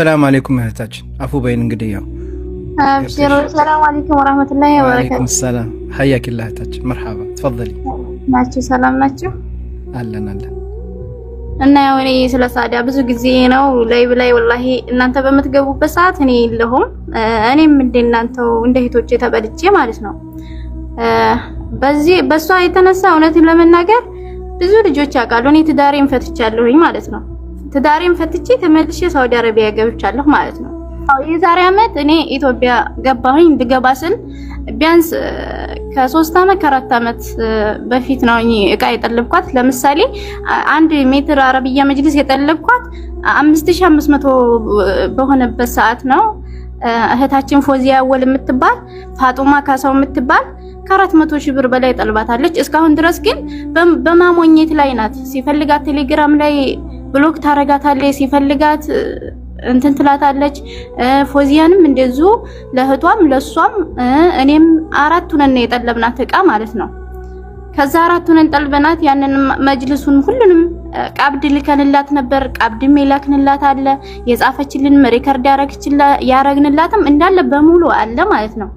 ሰላም አለይኩም እህታችን አፉ በይን። እንግዲህ ያው ሰላም አለይኩም ወራህመቱላሂ ወበረካቱ። ሰላም ሐያኪላ እህታችን መርሐባ ተፈضلي ናችሁ። ሰላም ናችሁ? አለን አለን። እና ያው እኔ ስለ ሳዲያ ብዙ ጊዜ ነው ላይ ላይ ወላሂ እናንተ በምትገቡበት ሰዓት እኔ የለሁም። እኔም እንደ እናንተው እንደ እህቶቼ ተበልቼ ማለት ነው። በዚህ በሷ የተነሳ እውነትን ለመናገር ብዙ ልጆች ያውቃሉ። እኔ ትዳሬን ፈትቻለሁኝ ማለት ነው። ትዳሬን ፈትቼ ተመልሼ ሳውዲ አረቢያ ገብቻለሁ ማለት ነው። የዛሬ አመት እኔ ኢትዮጵያ ገባሁኝ። ብገባ ስል ቢያንስ ከሶስት አመት ከአራት ዓመት በፊት ነው እቃ የጠለብኳት። ለምሳሌ አንድ ሜትር አረብያ መጅልስ የጠለብኳት 5500 በሆነበት ሰዓት ነው። እህታችን ፎዚያ ወል የምትባል ፋጡማ ካሳው የምትባል ከአራት መቶ ሺህ ብር በላይ ጠልባታለች። እስካሁን ድረስ ግን በማሞኘት ላይ ናት። ሲፈልጋት ቴሌግራም ላይ ብሎክ ታረጋታለች፣ ሲፈልጋት እንትን ትላታለች። ፎዚያንም እንደዙ ለእህቷም ለሷም እኔም አራቱ ነን የጠለብናት እቃ ማለት ነው። ከዛ አራቱ ነን ጠልበናት ያንን መጅልሱን ሁሉንም ቀብድ ልከንላት ነበር። ቀብድም የላክንላት አለ፣ የጻፈችልን ሪከርድ ያረግንላትም እንዳለ በሙሉ አለ ማለት ነው።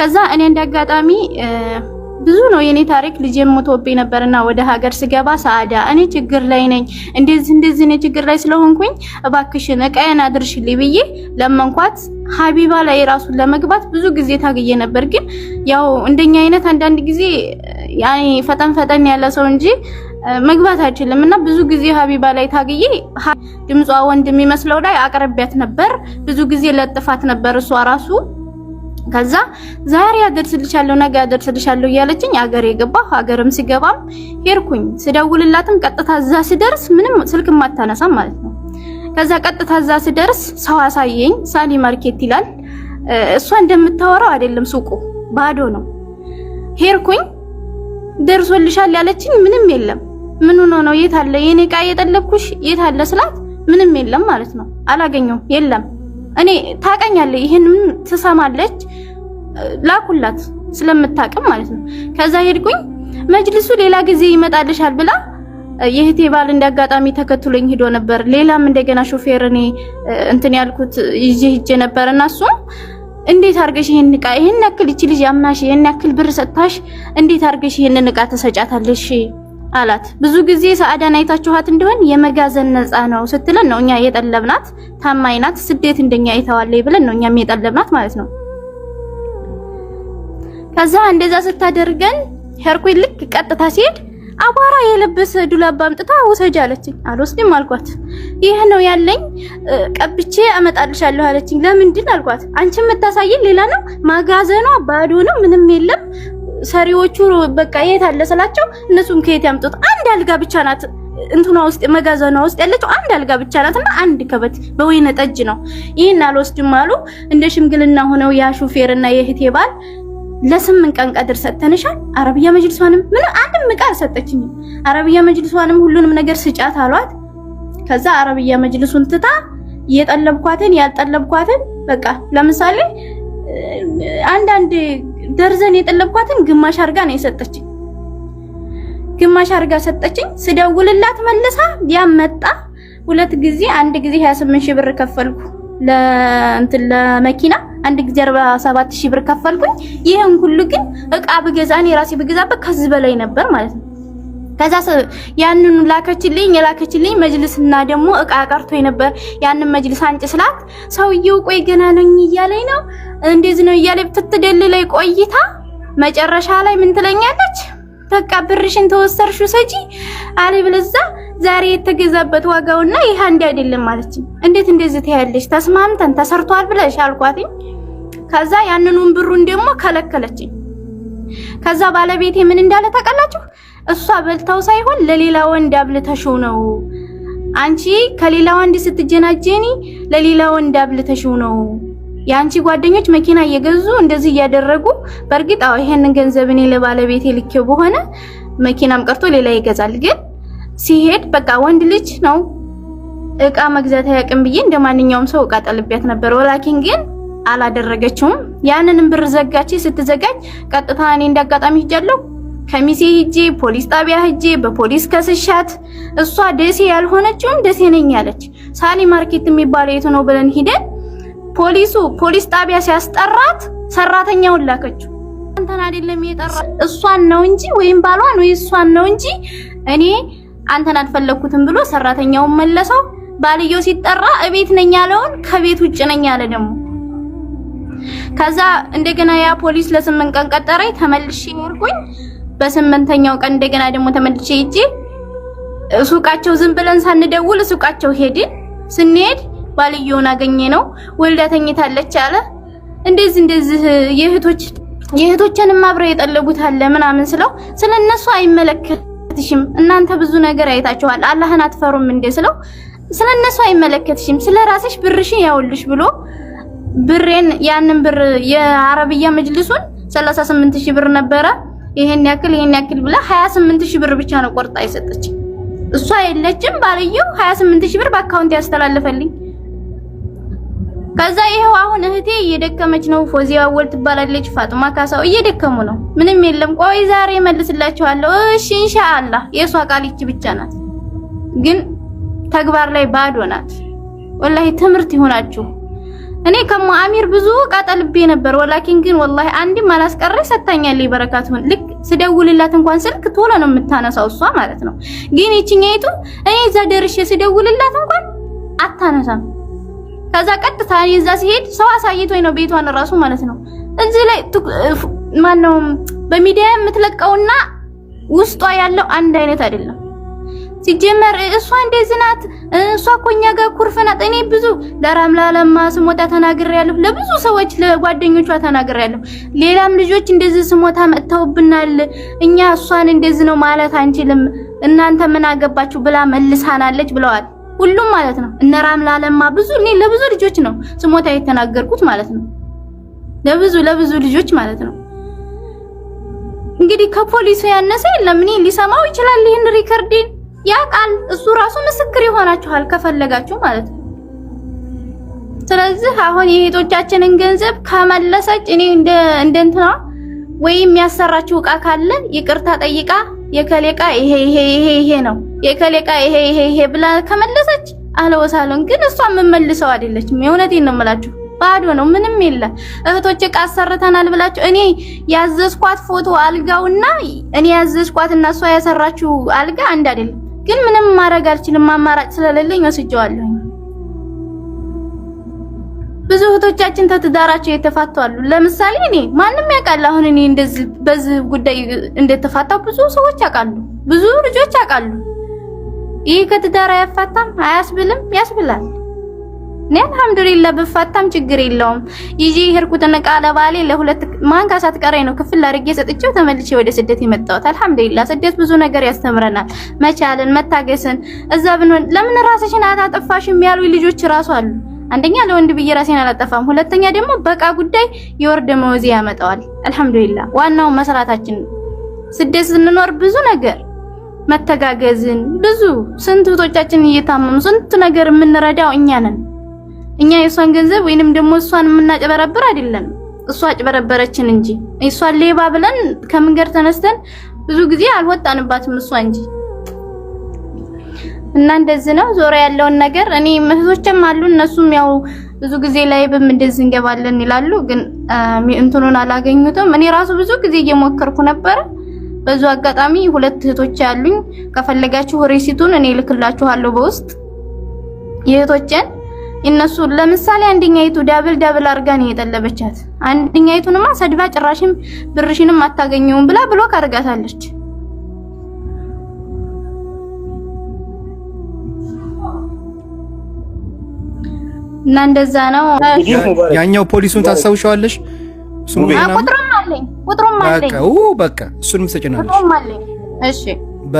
ከዛ እኔ እንዳጋጣሚ ብዙ ነው የኔ ታሪክ። ልጅ ሞቶብኝ ነበርና ወደ ሀገር ስገባ ሰአዳ፣ እኔ ችግር ላይ ነኝ፣ እንደዚህ እንደዚህ ነኝ ችግር ላይ ስለሆንኩኝ እባክሽን እቃዬን አድርሽልኝ ብዬ ለመንኳት። ሀቢባ ላይ ራሱን ለመግባት ብዙ ጊዜ ታግዬ ነበር። ግን ያው እንደኛ አይነት አንዳንድ ጊዜ ያኔ ፈጠን ፈጠን ያለ ሰው እንጂ መግባት አይችልም። እና ብዙ ጊዜ ሀቢባ ላይ ታግዬ ድምጿ ወንድ የሚመስለው ላይ አቅርቢያት ነበር። ብዙ ጊዜ ለጥፋት ነበር እሷ ራሱ ከዛ ዛሬ አደርስልሻለሁ ነገ አደርስልሻለሁ እያለችኝ ሀገር የገባ ሀገርም ሲገባም ሄድኩኝ። ስደውልላትም ቀጥታ እዛ ስደርስ ምንም ስልክ ማታነሳም ማለት ነው። ከዛ ቀጥታ እዛ ስደርስ ሰው አሳየኝ። ሳሊ ማርኬት ይላል። እሷ እንደምታወራው አይደለም፣ ሱቁ ባዶ ነው። ሄድኩኝ። ደርሶልሻል ያለችኝ ምንም የለም። ምን ሆኖ ነው? የት አለ የኔ ዕቃ የጠለብኩሽ የት አለ ስላት ምንም የለም ማለት ነው። አላገኘው የለም እኔ ታቀኛለ ይህንን ትሰማለች። ላኩላት ስለምታቅም ማለት ነው። ከዛ ሄድኩኝ መጅልሱ ሌላ ጊዜ ይመጣልሻል ብላ የህቴ ባል እንዳጋጣሚ ተከትሎኝ ሂዶ ነበር። ሌላም እንደገና ሾፌር እኔ እንትን ያልኩት ይዤ ሂጄ ነበር እና እሱም እንዴት አድርገሽ ይሄን እቃ ይሄን ያክል ይቺ ልጅ ያምናሽ ይሄን ያክል ብር ሰጥታሽ እንዴት አርገሽ ይሄን እቃ ተሰጫታለሽ? አላት። ብዙ ጊዜ ሰአዳን አይታችኋት እንደሆን የመጋዘን ነፃ ነው ስትለን ነው እኛ የጠለብናት። ታማኝ ናት፣ ስደት እንደኛ አይተዋለች ብለን ነው እኛም የጠለብናት ማለት ነው። ከዛ እንደዛ ስታደርገን ሄርኩል ልክ ቀጥታ ሲሄድ አቧራ የለበሰ ዱላባ አምጥታ ውሰጅ አለችኝ። አልወስድም አልኳት። ይህ ነው ያለኝ ቀብቼ አመጣልሻለሁ አለችኝ። ለምንድን አልኳት። አንቺ የምታሳየን ሌላ ነው፣ መጋዘኗ ባዶ ነው፣ ምንም የለም ሰሪዎቹ በቃ የት አለ ስላቸው እነሱም ከየት ያምጡት አንድ አልጋ ብቻ ናት እንትኗ ውስጥ መጋዘኗ ውስጥ ያለችው አንድ አልጋ ብቻ እና አንድ ከበት በወይነ ጠጅ ነው። ይህን አልወስድም አሉ። እንደ ሽምግልና ሆነው ያ ሹፌርና የእህቴ ባል ለስምንት ቀን ቀድር ሰጥተንሻል። አረብያ መጅልሷንም ምን አንድም ዕቃ አልሰጠችኝም። አረብያ መጅልሷንም ሁሉንም ነገር ስጫት አሏት። ከዛ አረብያ መጅልሱን ትታ የጠለብኳትን ያልጠለብኳትን በቃ ለምሳሌ አንዳንድ ደርዘን የጠለብኳትን ግማሽ አርጋ ነው የሰጠችኝ። ግማሽ አርጋ ሰጠችኝ። ስደውልላት መልሳ ያመጣ ሁለት ጊዜ አንድ ጊዜ 28 ሺህ ብር ከፈልኩ ለእንትን ለመኪና አንድ ጊዜ 47 ሺህ ብር ከፈልኩኝ። ይህን ሁሉ ግን እቃ ብገዛን የራሴ ብገዛበት ከዚህ በላይ ነበር ማለት ነው። ከዛ ያንኑ ላከችልኝ። የላከችልኝ መጅልስና ደግሞ እቃ ቀርቶ ነበር። ያንን መጅልስ አንጭ ስላት ሰውየው ቆይ ገና ነኝ እያለኝ ነው እንደዚህ ነው እያለኝ ብትትደል ላይ ቆይታ መጨረሻ ላይ ምን ትለኛለች? በቃ ብርሽን ተወሰርሹ ሰጪ አለ ብለዛ ዛሬ የተገዛበት ዋጋውና ይህ አንድ አይደለም ማለት እንዴት እንደዚህ ትያለሽ? ተስማምተን ተሰርቷል ብለሽ አልኳትኝ። ከዛ ያንኑን ብሩን ደግሞ ከለከለችኝ። ከዛ ባለቤቴ ምን እንዳለ ታውቃላችሁ? እሷ በልተው ሳይሆን ለሌላ ወንድ አብልተሽው ነው። አንቺ ከሌላ ወንድ ስትጀናጀኒ ለሌላ ወንድ አብልተሽው ነው። የአንቺ ጓደኞች መኪና እየገዙ እንደዚህ እያደረጉ በእርግጥ አዎ ይሄንን ገንዘብ እኔ ለባለቤቴ ልኬው በሆነ መኪናም ቀርቶ ሌላ ይገዛል። ግን ሲሄድ በቃ ወንድ ልጅ ነው እቃ መግዛት አያውቅም ብዬ እንደ ማንኛውም ሰው እቃ ጠልቤያት ነበር። ወላኪን ግን አላደረገችውም። ያንንም ብር ዘጋች። ስትዘጋጅ ቀጥታ እኔ እንዳጋጣሚ ሄጃለሁ ከሚሴ ሂጄ ፖሊስ ጣቢያ ሂጄ በፖሊስ ከስሻት እሷ ደሴ ያልሆነችውም ደሴ ነኝ ያለች። ሳሊ ማርኬት የሚባለው የት ነው ብለን ሂደን ፖሊሱ ፖሊስ ጣቢያ ሲያስጠራት ሰራተኛውን ላከችው። አንተን አይደለም የጠራ እሷን ነው እንጂ ወይም ባሏን ወይ እሷን ነው እንጂ እኔ አንተን አልፈለኩትም ብሎ ሰራተኛውን መለሰው። ባልየው ሲጠራ እቤት ነኝ ያለውን ከቤት ውጭ ነኝ ያለ ደግሞ ከዛ እንደገና ያ ፖሊስ ለስምንት ቀን ቀጠረኝ ተመልሼ በስምንተኛው ቀን እንደገና ደግሞ ተመልሼ ይጂ ሱቃቸው ዝም ብለን ሳንደውል ሱቃቸው ሄድን። ስንሄድ ባልየውን አገኘ ነው ወልዳ ተኝታለች አለ። እንደዚህ እንደዚህ የእህቶች የእህቶችንም አብረው የጠለጉት አለ ምናምን ስለው ስለ እነሱ አይመለከትሽም፣ እናንተ ብዙ ነገር አይታችኋል፣ አላህን አትፈሩም እንዴ ስለው ስለ እነሱ አይመለከትሽም፣ ስለ ራስሽ ብርሽን ያውልሽ ብሎ ብሬን ያንን ብር የአረብያ መጅልሱን 38000 ብር ነበረ ይሄን ያክል ይሄን ያክል ብላ 28 ሺህ ብር ብቻ ነው ቆርጣ የሰጠች። እሷ የለችም፣ ባልየው 28 ሺህ ብር በአካውንት ያስተላልፈልኝ ከዛ ይሄው አሁን እህቴ እየደከመች ነው። ፎዚያ ወል ትባላለች። ፋጡማ ካሳው እየደከሙ ነው። ምንም የለም። ቆይ ዛሬ መልስላችኋለሁ። እሺ ኢንሻአላህ። የሷ ቃል ይቺ ብቻ ናት፣ ግን ተግባር ላይ ባዶ ናት። ወላሂ ትምህርት ይሆናችሁ። እኔ አሚር ብዙ ቃጠልቤ ነበር፣ ወላኪን ግን ወላሂ አንድም አላስቀረ ሰታኛለች። በረካቱን ልክ ስደውልላት እንኳን ስልክ ቶሎ ነው የምታነሳው እሷ ማለት ነው። ግን ይቺኛይቱ እኔ እዛ ደርሼ ስደውልላት እንኳን አታነሳም። ከዛ ቀጥታ እኔ እዛ ሲሄድ ሰው አሳይቶኝ ነው ቤቷን እራሱ ማለት ነው። እዚህ ላይ ማነው በሚዲያ የምትለቀውና ውስጧ ያለው አንድ አይነት አይደለም። ሲጀመር እሷ እንደዚህ ናት። እሷ እኮ እኛ ጋር ኩርፍ ናት። እኔ ብዙ ለራምላ ለማ ስሞታ ተናግሬያለሁ፣ ለብዙ ሰዎች ለጓደኞቿ ተናግሬያለሁ። ሌላም ልጆች እንደዚህ ስሞታ መጥተውብናል። እኛ እሷን እንደዚህ ነው ማለት አንችልም፣ እናንተ ምን አገባችሁ ብላ መልሳናለች ብለዋል። ሁሉም ማለት ነው እነ ራምላ ለማ ብዙ እኔ ለብዙ ልጆች ነው ስሞታ የተናገርኩት ማለት ነው፣ ለብዙ ለብዙ ልጆች ማለት ነው። እንግዲህ ከፖሊሱ ያነሰ የለም። እኔ ሊሰማው ይችላል ይህን ሪከርዲን ያ ቃል እሱ ራሱ ምስክር ይሆናችኋል ከፈለጋችሁ ማለት ነው። ስለዚህ አሁን የእህቶቻችንን ገንዘብ ከመለሰች እኔ እንደ እንደንትና ወይም ያሰራችሁ እቃ ካለ ይቅርታ ጠይቃ የከሌ ይሄ ይሄ ይሄ ይሄ ነው የከሌ ይሄ ይሄ ይሄ ብላ ከመለሰች አለወሳለን። ግን እሷ የምመልሰው አይደለችም። የእውነቴን ነው ባዶ ነው፣ ምንም የለ። እህቶች እቃ አሰርተናል ብላችሁ እኔ ያዘዝኳት ፎቶ አልጋውና እኔ እና እሷ ያሰራችሁ አልጋ አንድ አይደለም። ግን ምንም ማድረግ አልችልም። አማራጭ ስለሌለኝ ወስጀዋለሁ። ብዙ እህቶቻችን ተትዳራቸው የተፋቱ አሉ። ለምሳሌ እኔ ማንም ያውቃል። አሁን እኔ እንደዚህ በዚህ ጉዳይ እንደተፋታው ብዙ ሰዎች ያውቃሉ፣ ብዙ ልጆች ያውቃሉ። ይህ ከትዳር አያፋታም አያስብልም፣ ያስብላል። እኔ አልሐምዱሊላ ብፋታም ችግር የለውም። ይዤ የሄድኩትን ዕቃ ለባሌ ለሁለት ማንካ ሳትቀረኝ ነው ክፍል አድርጌ ሰጥቼው ተመልሼ ወደ ስደት የመጣሁት። አልሐምዱሊላ ስደት ብዙ ነገር ያስተምረናል፣ መቻልን፣ መታገስን። እዛ ብንሆን ለምን ራስሽን አላጠፋሽም ያሉ ልጆች ራሱ አሉ። አንደኛ ለወንድ ብዬ ራሴን አላጠፋም፣ ሁለተኛ ደግሞ በቃ ጉዳይ የወር ደመወዜ ያመጣዋል። አልሐምዱሊላ ዋናው መስራታችን ነው። ስደት ስንኖር ብዙ ነገር መተጋገዝን ብዙ ስንት እህቶቻችን እየታመሙ ስንት ነገር የምንረዳው እኛ ነን። እኛ የእሷን ገንዘብ ወይንም ደግሞ እሷን የምናጭበረብር አይደለም፣ እሷ አጭበረበረችን እንጂ እሷን ሌባ ብለን ከመንገድ ተነስተን ብዙ ጊዜ አልወጣንባትም እሷ እንጂ። እና እንደዚህ ነው ዞሮ ያለውን ነገር። እኔ እህቶችም አሉ እነሱም ያው ብዙ ጊዜ ላይ ብም እንደዚህ እንገባለን ይላሉ፣ ግን እንትኑን አላገኙትም። እኔ ራሱ ብዙ ጊዜ እየሞከርኩ ነበረ። በዙ አጋጣሚ ሁለት እህቶች ያሉኝ ከፈለጋችሁ ሬሲቱን እኔ ልክላችኋለሁ በውስጥ የእህቶችን እነሱ ለምሳሌ አንደኛይቱ ዳብል ዳብል አድርጋ ነው የጠለበቻት። አንደኛይቱንማ ሰድባ ጭራሽም ብርሽንም አታገኘውም ብላ ብሎክ አድርጋታለች። እና እንደዛ ነው። ያኛው ፖሊሱን ታስታውሻለሽ? ቁጥሩም በቃ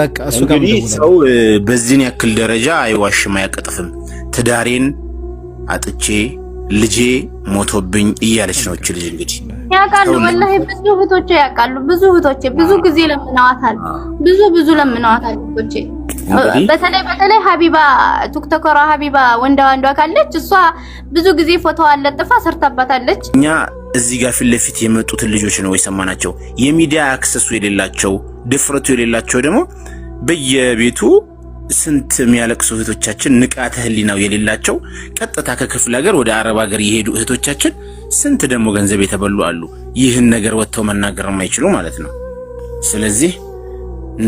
በቃ እሱ ጋር ሰው በዚህን ያክል ደረጃ አይዋሽም፣ አያቀጥፍም ትዳሬን አጥቼ ልጄ ሞቶብኝ እያለች ነው ልጅ እንግዲህ ያውቃሉ። ወላሂ ብዙ እህቶቼ ያውቃሉ። ብዙ እህቶቼ ብዙ ጊዜ ለምነዋታል። ብዙ ብዙ ለምነዋታል እህቶቼ። በተለይ በተለይ ሀቢባ ቱክተኮራ ሀቢባ ወንዳ ወንዷ ካለች እሷ ብዙ ጊዜ ፎቶዋ አለጥፋ ሰርታባታለች። እኛ እዚህ ጋር ፊት ለፊት የመጡትን ልጆች ነው የሰማናቸው። የሚዲያ አክሰሱ የሌላቸው ድፍረቱ የሌላቸው ደግሞ በየቤቱ ስንት የሚያለቅሱ እህቶቻችን ንቃተ ህሊናው የሌላቸው ቀጥታ ከክፍለ ሀገር ወደ አረብ ሀገር የሄዱ እህቶቻችን ስንት ደግሞ ገንዘብ የተበሉ አሉ። ይህን ነገር ወጥተው መናገር የማይችሉ ማለት ነው። ስለዚህ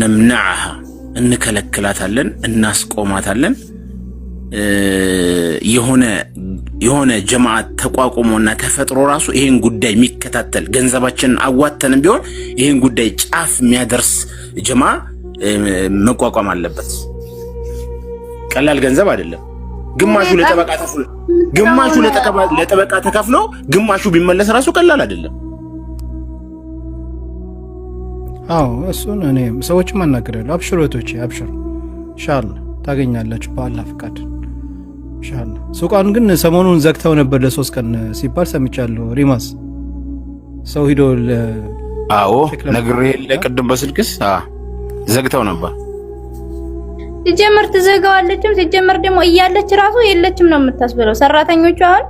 ነምናዓሃ እንከለክላታለን፣ እናስቆማታለን። የሆነ የሆነ ጀማዓት ተቋቁሞና ተፈጥሮ ራሱ ይህን ጉዳይ የሚከታተል ገንዘባችንን አዋተንም ቢሆን ይህን ጉዳይ ጫፍ የሚያደርስ ጀማ መቋቋም አለበት። ቀላል ገንዘብ አይደለም። ግማሹ ለጠበቃ ተከፍሎ ግማሹ ለጠበቃ ተከፍሎ ግማሹ ቢመለስ ራሱ ቀላል አይደለም። አዎ እሱን እኔ ሰዎች አናግሬያለሁ። አብሽሩ እህቶቼ አብሽሩ፣ ኢንሻላህ ታገኛላችሁ በአላህ ፈቃድ ኢንሻላህ። ሱቋን ግን ሰሞኑን ዘግተው ነበር ለሶስት ቀን ሲባል ሰምቻለሁ። ሪማስ ሰው ሂዶ አዎ ነግሬ ቅድም በስልክስ ዘግተው ነበር ሲጀመር ትዘጋዋለችም። ሲጀመር ደግሞ እያለች ራሱ የለችም ነው የምታስብለው። ሰራተኞቹ አሁን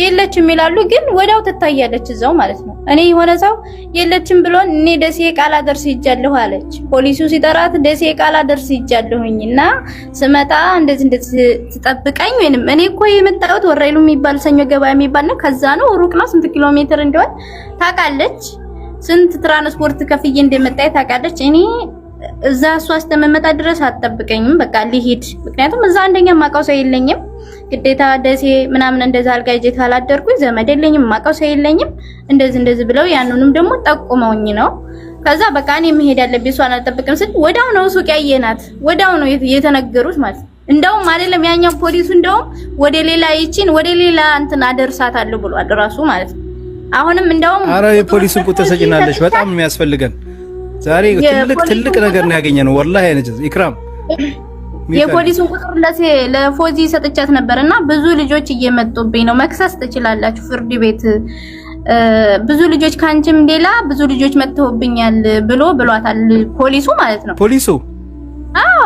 የለችም ይላሉ፣ ግን ወዲያው ትታያለች እዛው ማለት ነው። እኔ የሆነ ሰው የለችም ብሎን እኔ ደሴ ቃላ ደርስ ይጃለሁ አለች። ፖሊሱ ሲጠራት ደሴ ቃላ ደርስ ይጃለሁኝ እና ስመጣ እንደዚህ እንደዚህ ትጠብቀኝ ወይንም እኔ እኮ የመጣሁት ወራይሉ የሚባል ሰኞ ገበያ የሚባል ነው። ከዛ ነው ሩቅ ነው። ስንት ኪሎ ሜትር እንደሆነ ታውቃለች። ስንት ትራንስፖርት ከፍዬ እንደመጣ ታውቃለች። እኔ እዛ እሷ እስከምመጣ ድረስ አትጠብቀኝም፣ በቃ ሊሂድ። ምክንያቱም እዛ አንደኛ ማውቀው ሰው የለኝም፣ ግዴታ ደሴ ምናምን እንደዛ አልጋ ይዤ ካላደርኩኝ ዘመድ የለኝም፣ ማውቀው ሰው የለኝም። እንደዚህ እንደዚህ ብለው ያንኑንም ደግሞ ጠቁመውኝ ነው። ከዛ በቃ እኔ መሄድ ያለብኝ እሷን አልጠብቅም ስል ወዳው ነው ሱቅ ያየናት፣ ወዳው ነው የተነገሩት ማለት ነው። እንደውም አይደለም ያኛው ፖሊሱ እንደውም ወደ ሌላ ይቺን ወደ ሌላ እንትን አደርሳታለሁ ብሏል ራሱ ማለት ነው። አሁንም እንደውም አረ የፖሊሱን ቁጥር ሰጪናለሽ በጣም የሚያስፈልገን ዛሬ ትልቅ ትልቅ ነገር ነው ያገኘነው። ወላሂ አይነጭ ኢክራም የፖሊሱን ቁጥር ለሴ ለፎዚ ሰጥቻት ነበር እና ብዙ ልጆች እየመጡብኝ ነው። መክሰስ ትችላላችሁ ፍርድ ቤት ብዙ ልጆች ከአንቺም ሌላ ብዙ ልጆች መጥተውብኛል ብሎ ብሏታል። ፖሊሱ ማለት ነው ፖሊሱ። አዎ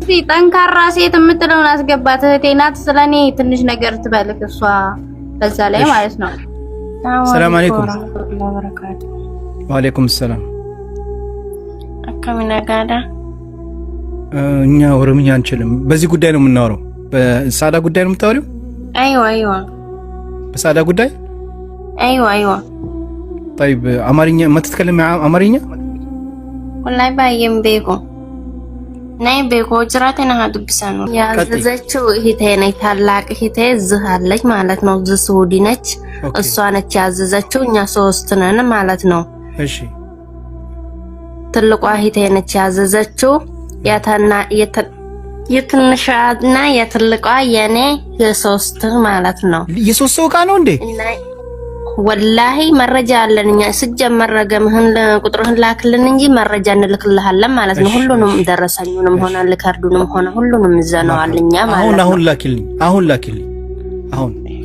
እዚህ ጠንካራ ሴት የምትለውን አስገባት። እህቴ ናት፣ ስለኔ ትንሽ ነገር ትበልክ እሷ። በዛ ላይ ማለት ነው። ሰላም አለይኩም ወአለይኩም ሰላም አካሚናጋዳ እኛ ኦሮምኛ አንችልም። በዚህ ጉዳይ ነው የምናወራው። በሳዳ ጉዳይ ነው የምታወሪው? አይዋ አይዋ፣ በሳዳ ጉዳይ አይዋ አይዋ። طيب አማርኛ ማትትከለም አማርኛ ወላሂ ባየም ቤኮ ናይ ቤኮ ጅራቴ ነሃ ዱብሳ ነው ያዘዘችው እህቴ ነኝ። ታላቅ እህቴ እዚህ አለች ማለት ነው። እዚህ ስውዲ ነች፣ እሷ ነች ያዘዘችው። እኛ ሶስት ነን ማለት ነው። እሺ ትልቋ እህቴ ነች ያዘዘችው የትንሿና የትልቋ የኔ የሶስት ማለት ነው። የሶስት ሰው እቃ ነው እንዴ? ወላሂ መረጃ አለን እኛ። ስጀመር ረገምህን ቁጥርህን ላክልን እንጂ መረጃ እንልክልሃለን ማለት ነው። ሁሉንም ደረሰኙንም ሆነ ልከርዱንም ሆነ ሁሉንም ይዘነዋል እኛ ማለት ነው። አሁን አሁን ላኪልኝ፣ አሁን ላኪልኝ፣ አሁን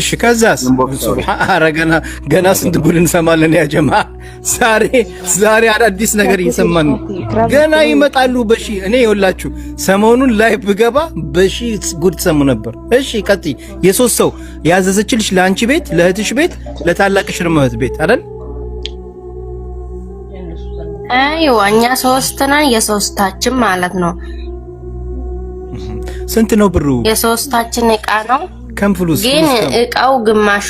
እሺ ከዛ ኧረ ገና ገና ስንት ጉድ እንሰማለን። ያ ጀማ ዛሬ ዛሬ አዳዲስ ነገር እየሰማን ነው። ገና ይመጣሉ በሺ እኔ ይኸውላችሁ ሰሞኑን ላይ ብገባ በሺ ጉድ ሰሙ ነበር። እሺ ቀጥይ። የሶስት ሰው ያዘዘችልሽ ለአንቺ ቤት፣ ለእህትሽ ቤት፣ ለታላቅ ርመት ቤት አይደል? አይዋ እኛ ሶስት ነን። የሶስታችን ማለት ነው። ስንት ነው ብሩ? የሶስታችን ዕቃ ነው። ፍሉስ ግን እቃው ግማሽ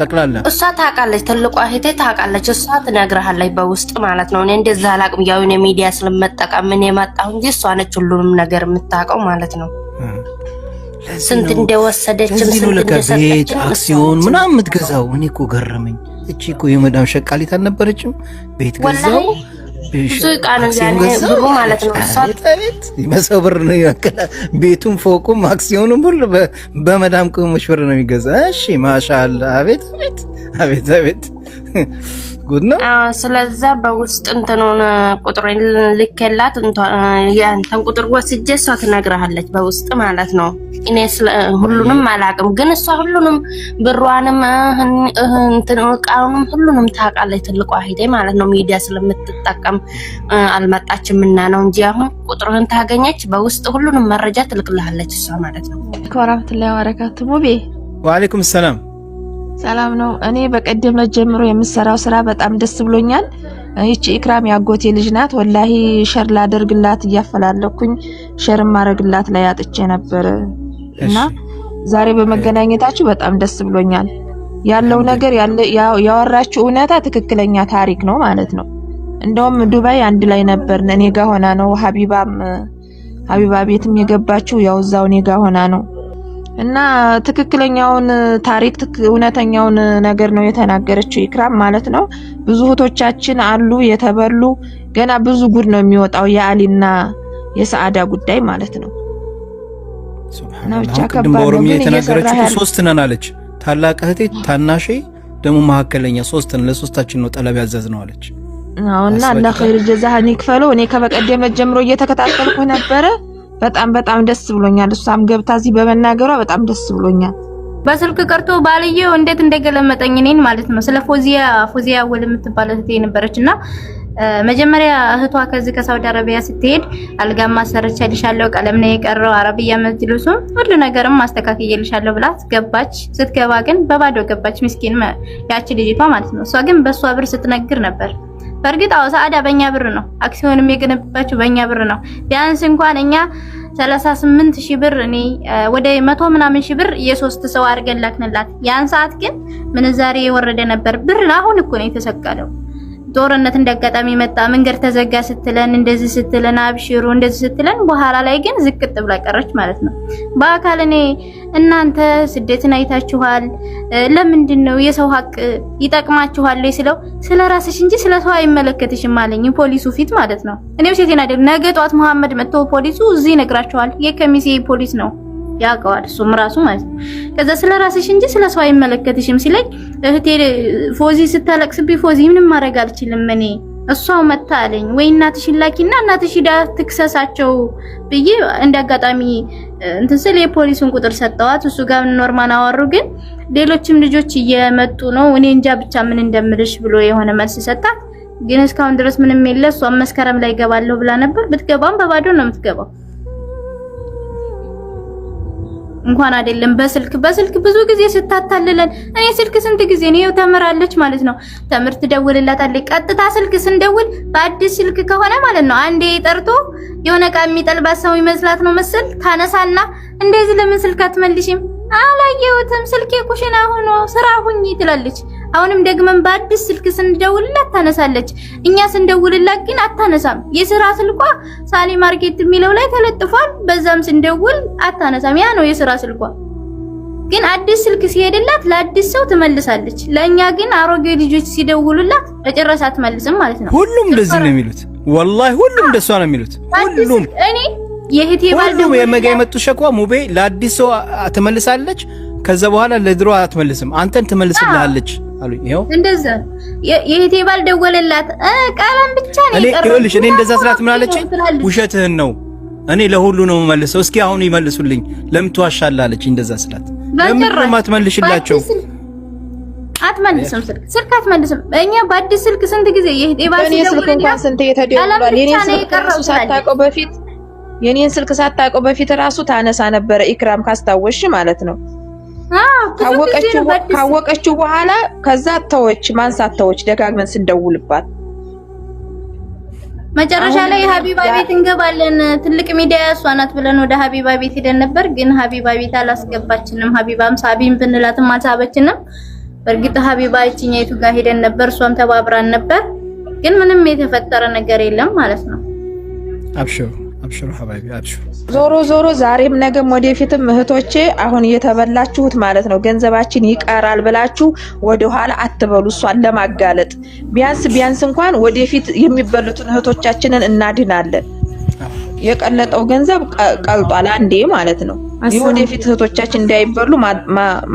ጠቅላላ እሷ ታውቃለች፣ ትልቋ እህቴ ታውቃለች። እሷ ትነግርሃለች በውስጥ ማለት ነው። እኔ እንደዛ አላቅም። ያው እኔ ሚዲያ ስለምጠቀም ምን መጣሁ እንጂ እሷ ነች ሁሉንም ነገር የምታውቀው ማለት ነው። ስንት እንደወሰደችም ስንት እንደሰጠችም አክሲዮን ምናምን የምትገዛው እኔ እኮ ገረመኝ። እቺ እኮ የመዳም ሸቃሊት አልነበረችም? ቤት ገዛው ብዙ እቃ መሰው ብር ነው ይወከላ ቤቱም ፎቁም አክሲዮኑም ሁሉ በመዳም ቅመሞች ብር ነው የሚገዛ። እሺ ማሻአላ። አቤት አቤት አቤት አቤት ጉድ ነው። ስለዛ በውስጥ እንትኑን ቁጥር ልኬላት ያንተን ቁጥር ወስጄ እሷ ትነግረሃለች በውስጥ ማለት ነው። እኔ ሁሉንም አላቅም፣ ግን እሷ ሁሉንም ብሯንም እንትን እቃውንም ሁሉንም ታውቃለች። ትልቋ ሂዴ ማለት ነው። ሚዲያ ስለምትጠቀም አልመጣችም እና ነው እንጂ አሁን ቁጥርህን ታገኘች በውስጥ ሁሉንም መረጃ ትልክልሃለች እሷ ማለት ነው። ወራህመቱላሂ ወበረካቱ ሙቤ ወአለይኩም ሰላም ሰላም ነው። እኔ በቀደም ዕለት ጀምሮ የምሰራው ስራ በጣም ደስ ብሎኛል። ይቺ ኢክራም ያጎቴ ልጅ ናት። ወላሂ ሸር ላደርግላት እያፈላለኩኝ ሸር ማረግላት ላይ አጥቼ ነበር እና ዛሬ በመገናኘታችሁ በጣም ደስ ብሎኛል። ያለው ነገር ያወራችሁ እውነታ ትክክለኛ ታሪክ ነው ማለት ነው። እንደውም ዱባይ አንድ ላይ ነበር። እኔ ጋ ሆና ነው ሀቢባም ሀቢባ ቤትም የገባችሁ ያው እዛው እኔ ጋ ሆና ነው እና ትክክለኛውን ታሪክ እውነተኛውን ነገር ነው የተናገረችው ኢክራም ማለት ነው። ብዙ እህቶቻችን አሉ የተበሉ ገና ብዙ ጉድ ነው የሚወጣው የአሊና የሰአዳ ጉዳይ ማለት ነው። ቅድም በኦሮሚያ የተናገረችው ሶስት ነን አለች። ታላቅ እህቴ፣ ታናሼ ደግሞ መካከለኛ ሶስት ነን። ለሶስታችን ነው ጠለብ ያዘዝ ነው አለች እና ለኸይር ጀዛህን ይክፈለው። እኔ ከበቀደመ ጀምሮ እየተከታተልኩ ነበረ። በጣም በጣም ደስ ብሎኛል። እሷም ገብታ እዚህ በመናገሯ በጣም ደስ ብሎኛል። በስልክ ቀርቶ ባልየው እንዴት እንደገለመጠኝ እኔን ማለት ነው። ስለ ፎዚያ ፎዚያ ወል የምትባል እህቴ ነበረች እና መጀመሪያ እህቷ ከዚህ ከሳውዲ አረቢያ ስትሄድ አልጋማ ሰርቻልሻለሁ፣ ቀለም ነው የቀረው፣ አረብያ መጅልሱም ሁሉ ነገርም ማስተካከየልሻለሁ ብላት ገባች። ስትገባ ግን በባዶ ገባች፣ ምስኪን ያቺ ልጅቷ ማለት ነው። እሷ ግን በእሷ ብር ስትነግር ነበር በእርግጥ አዎ ሰዓዳ በእኛ ብር ነው፣ አክሲዮንም የገነባችው በእኛ ብር ነው። ቢያንስ እንኳን እኛ 38 ሺህ ብር እኔ ወደ መቶ ምናምን ሺህ ብር የሶስት ሰው አድርገን ላክንላት። ያን ሰዓት ግን ምንዛሬ የወረደ ነበር ብር። አሁን እኮ ነው የተሰቀለው። ጦርነት እንዳጋጣሚ መጣ፣ መንገድ ተዘጋ ስትለን እንደዚህ ስትለን አብሽሩ እንደዚህ ስትለን፣ በኋላ ላይ ግን ዝቅጥ ብላ ቀረች ማለት ነው። በአካል እኔ እናንተ ስደትን አይታችኋል፣ ለምንድን ነው የሰው ሀቅ ይጠቅማችኋል ስለው፣ ስለ ራስሽ እንጂ ስለ ሰው አይመለከትሽም አለኝ፣ ፖሊሱ ፊት ማለት ነው። እኔም ሴቴን አይደል ነገ ጧት መሐመድ መጥቶ ፖሊሱ እዚህ ይነግራችኋል፣ የከሚሴ ፖሊስ ነው ያውቀዋል እሱም ራሱ ማለት ነው። ከዛ ስለ ራስሽ እንጂ ስለ ሰው አይመለከትሽም ሲለኝ እህቴ ፎዚ ስታለቅስብኝ ፎዚ ምንም ማድረግ አልችልም እኔ እሷው መታ አለኝ ወይ እናትሽ ላኪና እናትሽ ሂዳ ትክሰሳቸው ብዬ እንደ አጋጣሚ እንትን ስል የፖሊሱን ቁጥር ሰጠዋት። እሱ ጋር ኖርማን አወሩ። ግን ሌሎችም ልጆች እየመጡ ነው እኔ እንጃ ብቻ ምን እንደምልሽ ብሎ የሆነ መልስ ሰጣት። ግን እስካሁን ድረስ ምንም የለ። እሷ መስከረም ላይ ገባለሁ ብላ ነበር። ብትገባም በባዶ ነው የምትገባው። እንኳን አይደለም በስልክ በስልክ ብዙ ጊዜ ስታታልለን። እኔ ስልክ ስንት ጊዜ ነው ተምራለች ማለት ነው። ተምር ትደውልላታለች። ቀጥታ ስልክ ስንደውል በአዲስ ስልክ ከሆነ ማለት ነው አንዴ ጠርቶ የሆነ ዕቃ የሚጠልባት ሰው ይመስላት ነው መሰል ታነሳና፣ እንደዚህ ለምን ስልክ አትመልሽም? አላየሁትም ስልኬ ኩሽና ሆኖ ስራ ሁኚ ትላለች። አሁንም ደግመን በአዲስ ስልክ ስንደውልላት ታነሳለች። እኛ ስንደውልላት ግን አታነሳም። የስራ ስልኳ ሳሊ ማርኬት የሚለው ላይ ተለጥፏል። በዛም ስንደውል አታነሳም። ያ ነው የስራ ስልኳ። ግን አዲስ ስልክ ሲሄድላት ለአዲስ ሰው ትመልሳለች። ለእኛ ግን አሮጌ ልጆች ሲደውሉላት በጭራሽ አትመልስም ማለት ነው። ሁሉም እንደዚህ ነው የሚሉት። ወላሂ ሁሉም እንደሷ ነው የሚሉት። ሁሉም እኔ የህቴ ባልደው የመጋ የመጡ ሸኳ ሙቤ ለአዲስ ሰው ትመልሳለች። ከዛ በኋላ ለድሮ አትመልስም። አንተን ትመልስልሃለች። አሉኝ። ይሄው እንደዛ የእህቴ ባል ደወለላት ቀለም ብቻ ነው የቀረው። ይኸውልሽ እኔ እንደዛ ስላት ምን አለችኝ? ውሸትህን ነው እኔ ለሁሉ ነው መልሰው እስኪ አሁን ይመልሱልኝ፣ ለምን ትዋሻለህ አለችኝ። እንደዛ ስላት ለምን አትመልሽላቸው? አትመልስም፣ ስልክ ስልክ አትመልስም። እኛ በአዲስ ስልክ ስንት ጊዜ የእህቴ ባል እንኳን ስንት የተደወለ የኔን ስልክ ሳታውቀው በፊት የኔን ስልክ ሳታውቀው በፊት ራሱ ታነሳ ነበረ ኢክራም ካስታወሽ ማለት ነው ካወቀችው በኋላ ከዛ ተወች፣ ማንሳት ተወች። ደጋግመን ስንደውልባት መጨረሻ ላይ ሀቢባ ቤት እንገባለን፣ ትልቅ ሚዲያ እሷ ናት ብለን ወደ ሀቢባ ቤት ሄደን ነበር። ግን ሀቢባ ቤት አላስገባችንም። ሀቢባም ሳቢም ብንላትም አልሳበችንም። በእርግጥ ሀቢባ እችኛይቱ ጋር ሄደን ነበር፣ እሷም ተባብራን ነበር። ግን ምንም የተፈጠረ ነገር የለም ማለት ነው። አብሽር አብሽሩ ሀባይቢ አብሽሩ። ዞሮ ዞሮ ዛሬም ነገም ወደፊትም እህቶቼ አሁን እየተበላችሁት ማለት ነው። ገንዘባችን ይቀራል ብላችሁ ወደኋላ አትበሉ። እሷን ለማጋለጥ ቢያንስ ቢያንስ እንኳን ወደፊት የሚበሉትን እህቶቻችንን እናድናለን። የቀለጠው ገንዘብ ቀልጧል፣ አንዴ ማለት ነው። የወደፊት እህቶቻችን እንዳይበሉ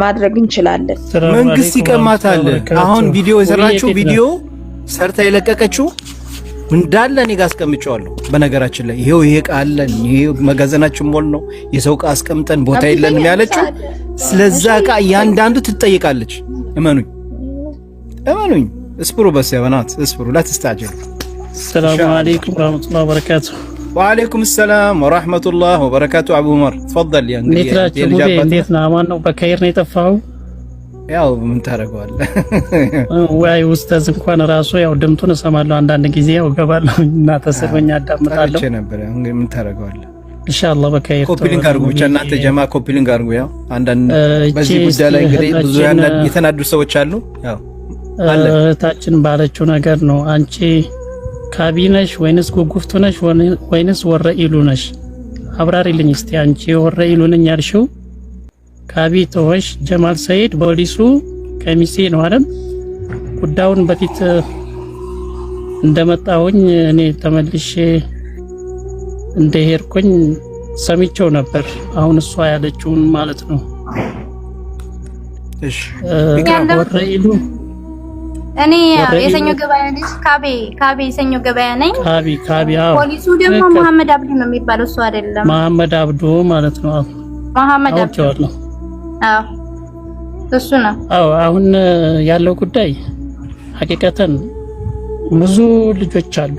ማድረግ እንችላለን። መንግስት ይቀማታል። አሁን ቪዲዮ የሰራችው ቪዲዮ ሰርታ የለቀቀችው እንዳለ እኔ ጋር አስቀምጨዋለሁ። በነገራችን ላይ ይሄው ይሄ ዕቃ አለን፣ ይሄ መጋዘናችን ሞል ነው፣ የሰው ዕቃ አስቀምጠን ቦታ የለንም ያለችው ስለዛ ዕቃ እያንዳንዱ ትጠይቃለች። እመኑኝ፣ እመኑኝ። እስፕሩ በስ ያበናት እስፕሩ ላትስታጅሉ። ሰላሙ አለይኩም ወራህመቱላሂ ወበረካቱ። ወአለይኩም ሰላም ወራህመቱላሂ ወበረካቱ። አቡ ዑመር ተፈضل ያ እንዴት ናችሁ? አማን ነው? በከይር ነው የጠፋኸው? ያው ምን ታደርገዋለህ? ወይ ኡስታዝ እንኳን ራሱ ያው ድምጡን እሰማለሁ አንዳንድ ጊዜ ያው እገባለሁ እና ተስበኝ አዳምጣለሁ ነበር። ምን ታደርገዋለህ? ኢንሻአላህ በከይር ኮፒሊንግ ሊንክ አድርጉ ብቻ እናንተ ጀማ ኮፒሊንግ ሊንክ አድርጉ። ያው አንዳንድ በዚህ ጉዳይ ላይ እንግዲህ ብዙ የተናዱ ሰዎች አሉ። ያው እህታችን ባለችው ነገር ነው። አንቺ ካቢነሽ ወይንስ ጉጉፍቱ ነሽ ወይንስ ወረኢሉ ነሽ? አብራሪልኝ እስቲ። አንቺ ወረኢሉ ነኝ ያልሽው ተወሽ ጀማል ሰይድ በሊሱ ከሚሴ ነው አለም ጉዳዩን በፊት እንደመጣሁኝ እኔ ተመልሼ እንደሄድኩኝ ሰሚቸው ነበር። አሁን እሷ ያለችውን ማለት ነው። እሺ ወረኢሉ እኔ የሰኞ ገበያ ልጅ ካቤ ካቤ የሰኞ ገበያ ነኝ። ካቢ ካቢ አዎ። ፖሊሱ ደግሞ መሐመድ አብዱ ነው የሚባለው እሱ አይደለም። መሐመድ አብዱ ማለት ነው። መሐመድ አብዱ አዎ እሱ ነው። አዎ አሁን ያለው ጉዳይ ሀቂቀተን ብዙ ልጆች አሉ።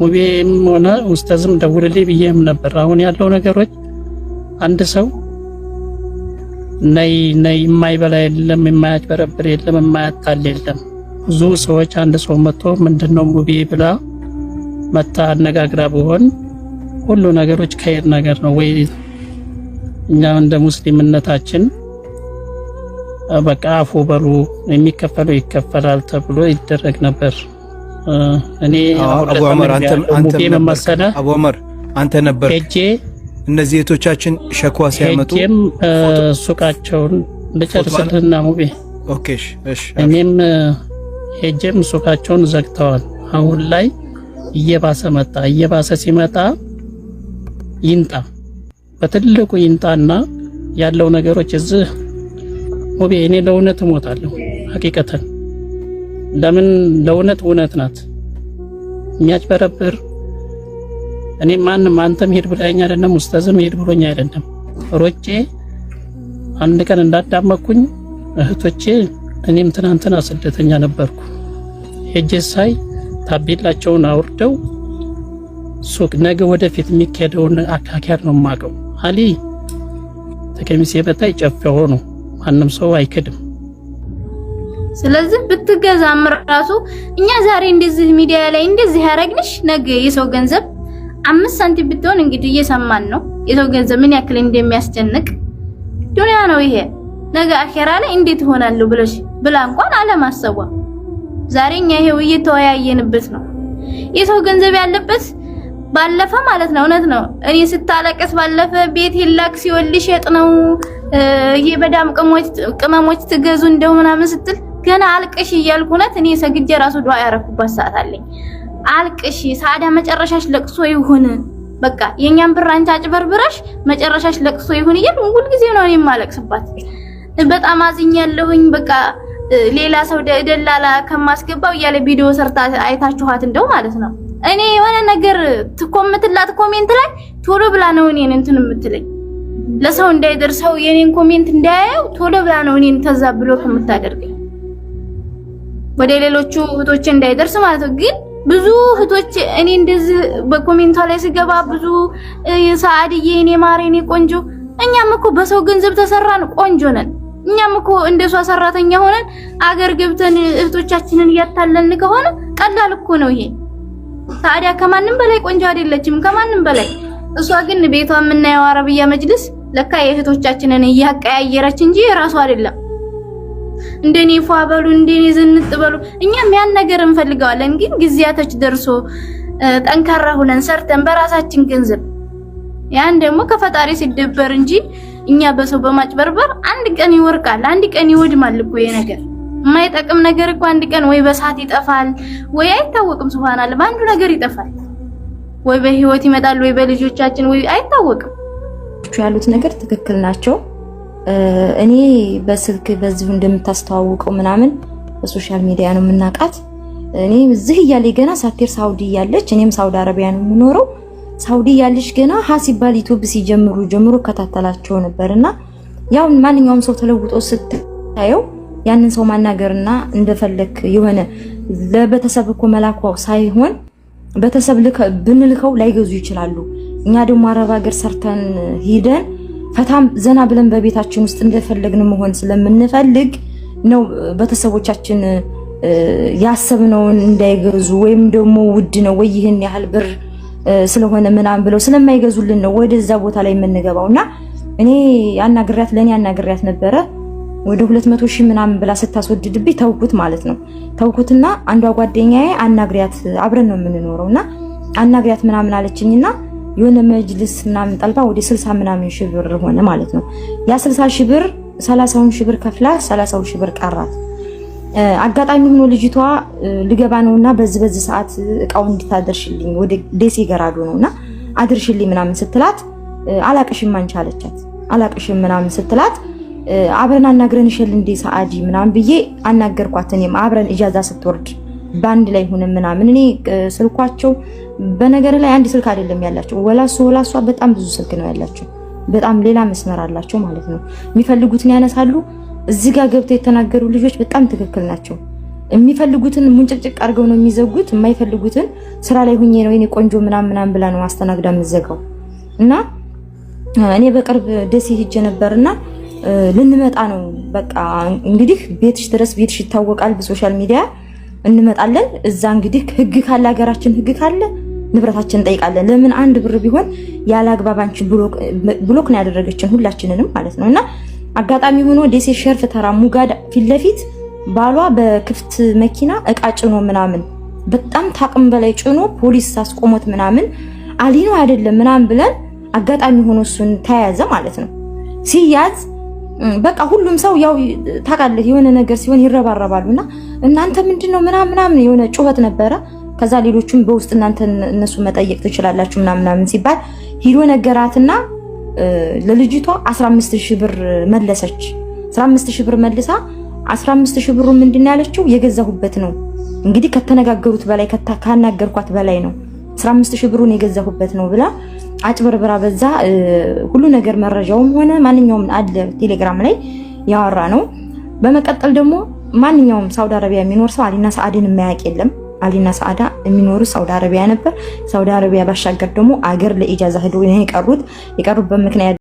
ሙቤም ሆነ ኡስታዝም ደውልልኝ ብዬም ነበር። አሁን ያለው ነገሮች አንድ ሰው ነይ ነይ የማይበላ የለም፣ የማያጭበረብር የለም፣ የማያታል የለም። ብዙ ሰዎች አንድ ሰው መጥቶ ምንድነው ሙቤ ብላ መታ አነጋግራ ብሆን ሁሉ ነገሮች ከሄድ ነገር ነው ወይ እኛ እንደ ሙስሊምነታችን በቃ አፉ በሉ የሚከፈለው ይከፈላል ተብሎ ይደረግ ነበር። እኔ አቡ ዑመር አንተ አንተ አቡ ዑመር ነበር ሄጄ እነዚህ እህቶቻችን ሸኳ ሲያመጡ ሄጄም ሱቃቸውን ልጨርስልህና ሙቤ ኦኬ እሺ እኔም ሄጄም ሱቃቸውን ዘግተዋል። አሁን ላይ እየባሰ መጣ። እየባሰ ሲመጣ ይንጣ በትልቁ ይንጣና ያለው ነገሮች እዚህ ሙቤ፣ እኔ ለእውነት እሞታለሁ። ሀቂቀተን ለምን ለእውነት እውነት ናት የሚያጭበረብር እኔ ማንም አንተም ሄድ ብላኝ አይደለም፣ ኡስታዝም ሄድ ብሎኝ አይደለም። ሮጬ አንድ ቀን እንዳዳመኩኝ እህቶቼ፣ እኔም ትናንትና ስደተኛ ነበርኩ። ሄጄ ሳይ ታቤላቸውን አውርደው ሱቅ ነገ ወደፊት የሚካሄደውን አካካር ነው የማውቀው። አሊ ተቀሚስ በታይ ጨፌ ሆኖ ማንም ሰው አይክድም። ስለዚህ ብትገዛም ራሱ እኛ ዛሬ እንደዚህ ሚዲያ ላይ እንደዚህ ያረግንሽ ነገ የሰው ገንዘብ አምስት ሳንቲም ብትሆን እንግዲህ እየሰማን ነው የሰው ገንዘብ ምን ያክል እንደሚያስጨንቅ ዱንያ ነው ይሄ። ነገ አኼራ ላይ እንዴት ይሆናለሁ ብለሽ ብላ እንኳን አለማሰቧ ዛሬ እኛ ይሄው እየተወያየንበት ነው የሰው ገንዘብ ያለበት ባለፈ ማለት ነው። እውነት ነው። እኔ ስታለቅስ ባለፈ ቤት ይላክ ሲወልሽ የጥ ነው ይሄ በዳም ቅመሞች ትገዙ እንደው ምናምን ስትል ገና አልቅሽ እያልኩ እውነት እኔ ሰግጄ ራሱ ዱዓ ያረኩበት ሰዓት አለኝ። አልቅሽ ሳዳ መጨረሻሽ ለቅሶ ይሁን በቃ የኛን ብር አንቺ አጭበርብረሽ መጨረሻሽ ለቅሶ ይሁን እያልኩ ሁልጊዜ ነው እኔ የማለቅስባት። በጣም አዝኛለሁኝ። በቃ ሌላ ሰው ደላላ ከማስገባው እያለ ቪዲዮ ሰርታ አይታችኋት እንደው ማለት ነው እኔ የሆነ ነገር ትኮምትላት ኮሜንት ላይ ቶሎ ብላ ነው እኔን እንትን የምትለኝ ለሰው እንዳይደርሰው የኔን ኮሜንት እንዳያየው ቶሎ ብላ ነው እኔን ተዛ ብሎ ከምታደርገኝ ወደ ሌሎቹ እህቶች እንዳይደርስ ማለት ነው። ግን ብዙ እህቶች እኔ እንደዚህ በኮሜንቷ ላይ ስገባ ብዙ ሰዓድዬ፣ እኔ ማሬ፣ እኔ ቆንጆ፣ እኛም እኮ በሰው ገንዘብ ተሰራን ቆንጆ ነን። እኛም እኮ እንደሷ ሰራተኛ ሆነን አገር ገብተን እህቶቻችንን እያታለልን ከሆነ ቀላል እኮ ነው ይሄ። ታዲያ ከማንም በላይ ቆንጆ አይደለችም፣ ከማንም በላይ እሷ ግን ቤቷ የምናየው አረብያ መጅልስ ለካ የእህቶቻችንን እያቀያየረች እንጂ ራሱ አይደለም። እንደኔ ፏ በሉ፣ እንደኔ ዝንጥ በሉ። እኛም ያን ነገር እንፈልገዋለን፣ ግን ጊዜያቶች ደርሶ ጠንካራ ሁነን ሰርተን በራሳችን ገንዘብ ያን ደግሞ ከፈጣሪ ሲደበር እንጂ እኛ በሰው በማጭበርበር አንድ ቀን ይወርቃል፣ አንድ ቀን ይወድማል እኮ ይሄ ነገር። የማይጠቅም ነገር እኮ አንድ ቀን ወይ በሳት ይጠፋል ወይ አይታወቅም። ሱብሃንአላህ በአንዱ ነገር ይጠፋል ወይ በህይወት ይመጣል ወይ በልጆቻችን ወይ አይታወቅም። ያሉት ነገር ትክክል ናቸው። እኔ በስልክ በዚሁ እንደምታስተዋውቀው ምናምን በሶሻል ሚዲያ ነው የምናውቃት። እኔ እዚህ እያለ ገና ሳቴር ሳውዲ እያለች እኔም ሳውዲ አረቢያ ነው የምኖረው። ሳውዲ እያለች ገና ሀ ሲባል ዩቲዩብ ሲጀምሩ ጀምሮ እከታተላቸው ነበርና ያው ማንኛውም ሰው ተለውጦ ስታየው ያንን ሰው ማናገርና እንደፈለክ የሆነ ለቤተሰብ እኮ መላኳ ሳይሆን ቤተሰብ ብንልከው ላይገዙ ይችላሉ። እኛ ደግሞ አረብ ሀገር ሰርተን ሂደን ፈታም ዘና ብለን በቤታችን ውስጥ እንደፈለግን መሆን ስለምንፈልግ ነው ቤተሰቦቻችን ያሰብነውን እንዳይገዙ ወይም ደግሞ ውድ ነው ወይ ይህን ያህል ብር ስለሆነ ምናምን ብለው ስለማይገዙልን ነው ወደዛ ቦታ ላይ የምንገባው እና እኔ አናግሪያት ለእኔ አናግሪያት ነበረ ወደ 200 ሺህ ምናምን ብላ ስታስወድድብኝ ተውኩት ማለት ነው። ተውኩትና አንዷ ጓደኛዬ አናግሪያት አብረን ነው የምንኖረው እና አናግሪያት ምናምን አለችኝና የሆነ መጅልስ ምናምን ጠልባ ወደ 60 ምናምን ሺህ ብር ሆነ ማለት ነው። ያ 60 ሺህ ብር 30 ሺህ ብር ከፍላ 30ው ሺህ ብር ቀራት። አጋጣሚ ሆኖ ልጅቷ ልገባ ነውና በዚህ በዚህ ሰዓት እቃው እንድታደርሽልኝ ወደ ደሴ ገራዶ ነውና አድርሽልኝ ምናምን ስትላት አላቅሽም አንቺ አለቻት። አላቅሽም ምናምን ስትላት አብረን ይሸል እንዴ ሰአዲ ምናምን ብዬ አናገርኳት። እኔም አብረን እጃዛ ስትወርድ በአንድ ላይ ሁን ምናምን። እኔ ስልኳቸው በነገር ላይ አንድ ስልክ አይደለም ያላቸው፣ ወላሱ ወላሷ በጣም ብዙ ስልክ ነው ያላቸው። በጣም ሌላ መስመር አላቸው ማለት ነው። የሚፈልጉትን ያነሳሉ። እዚህ ጋር ገብተው የተናገሩ ልጆች በጣም ትክክል ናቸው። የሚፈልጉትን ሙንጭቅጭቅ አድርገው ነው የሚዘጉት። የማይፈልጉትን ስራ ላይ ሁኜ ነው የኔ ቆንጆ ምናምን ምናምን ብላ ነው አስተናግዳ የምዘጋው እና እኔ በቅርብ ደሴ ሄጄ ነበርና ልንመጣ ነው። በቃ እንግዲህ ቤትሽ ድረስ ቤትሽ ይታወቃል፣ በሶሻል ሚዲያ እንመጣለን። እዛ እንግዲህ ህግ ካለ ሀገራችን ህግ ካለ ንብረታችን እንጠይቃለን። ለምን አንድ ብር ቢሆን ያለ አግባብ አንቺን ብሎክ ነው ያደረገችን ሁላችንንም ማለት ነው። እና አጋጣሚ ሆኖ ደሴ ሸርፍ ተራ ሙጋድ ፊት ለፊት ባሏ በክፍት መኪና እቃ ጭኖ ምናምን በጣም ታቅም በላይ ጭኖ ፖሊስ አስቆሞት ምናምን አሊኖ አይደለም ምናምን ብለን አጋጣሚ ሆኖ እሱን ተያያዘ ማለት ነው ሲያዝ በቃ ሁሉም ሰው ያው ታውቃለህ፣ የሆነ ነገር ሲሆን ይረባረባሉና እናንተ ምንድነው ምናምን ምናምን የሆነ ጩኸት ነበረ። ከዛ ሌሎቹም በውስጥ እናንተ እነሱ መጠየቅ ትችላላችሁ ምናምን ምናምን ሲባል ሂዶ ነገራትና ለልጅቷ 15000 ብር መለሰች። 15000 ብር መልሳ 15000 ብሩ ምንድን ያለችው የገዛሁበት ነው እንግዲህ ከተነጋገሩት በላይ ካናገርኳት በላይ ነው 15000 ብሩን የገዛሁበት ነው ብላ አጭበርብራ በዛ ሁሉ ነገር መረጃውም ሆነ ማንኛውም አለ ቴሌግራም ላይ ያወራ ነው። በመቀጠል ደግሞ ማንኛውም ሳውዲ አረቢያ የሚኖር ሰው አሊና ሰአድን የማያውቅ የለም። አሊና ሰአዳ የሚኖሩ ሳውዲ አረቢያ ነበር። ሳውዲ አረቢያ ባሻገር ደግሞ አገር ለኢጃዛ ሄዶ የቀሩት የቀሩበት ምክንያት